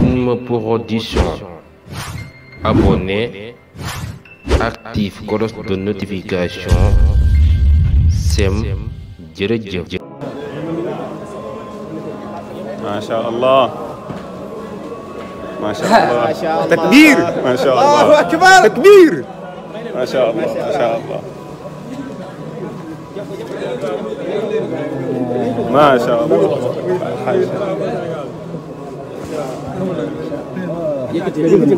Film Production abonné yëkkati yëkkati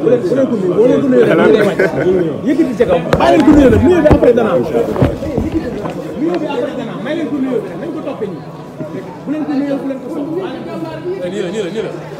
bu leen ko nuyoo bu leen ko soxla nii la nii la nii la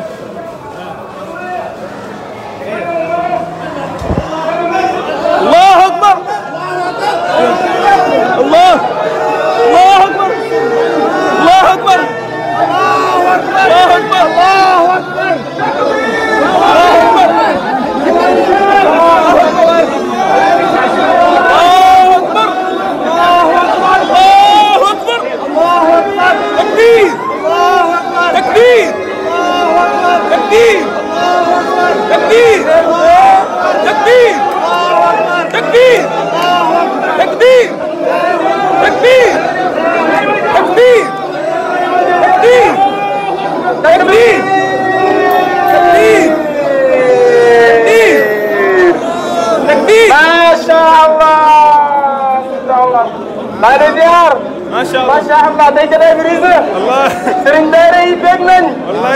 خالد يار ما شاء الله ما شاء الله ديت الإبريزة الله سرنداري بيجنن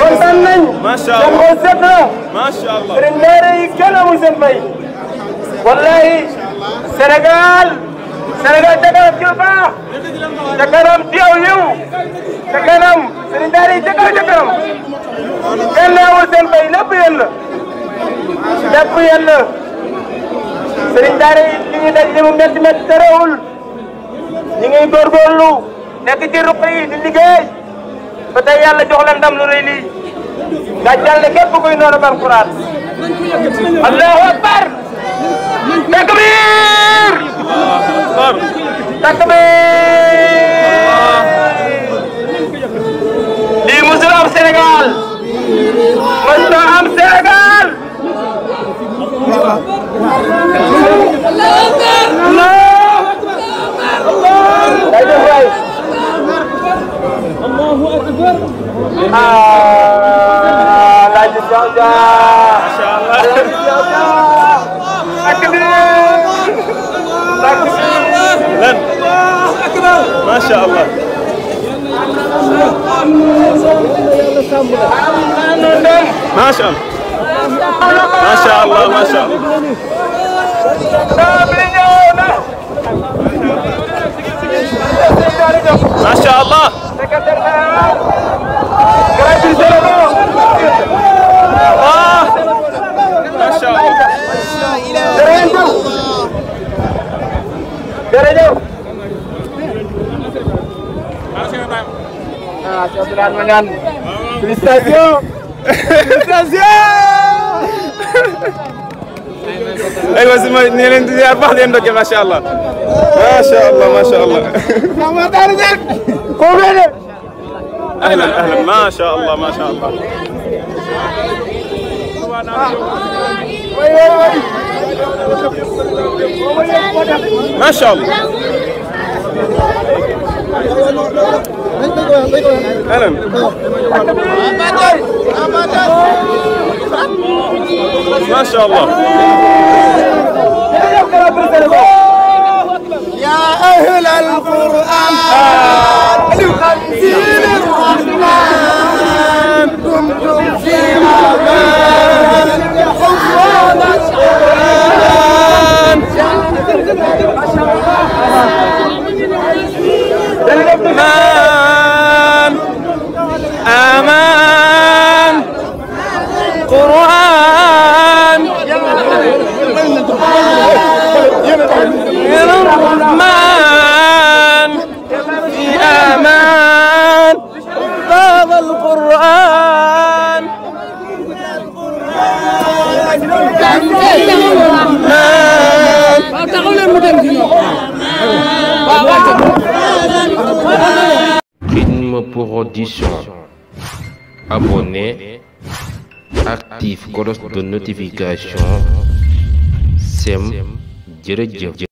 وطنن ما شاء الله ما شاء الله سرنداري كلام مسمي والله سنغال سنغال تكرم كيفا تكرم تيو يو تكرم سرنداري تكرم تكرم كلام مسمي نبيل نبيل سرنداري اللي يدعي من نتمت ñi ngi góorgóorlu nekk ci ruq yi di liggéey ba tey yàlla jox leen ndam lu rëy lii gàccal ne képp kuy noonu alquran allahu akbar takbir takbir Lan. Maşallah. Maşallah. Maşallah maşallah. jërëjëf. ah Cheikh Birame Mangane. félicitations. félicitations. aywa si ma ñu ngi leen di ziar baax leen doge macha allah. macha allah macha allah. koo gën a. ahlan ahlan macha allah macha allah. Ah. ما شاء الله اهلا ما شاء الله يا اهل القران خمسين آه. الرحمن الرحمن pour audition. Actif. cloche de notification. SEM. gerekçe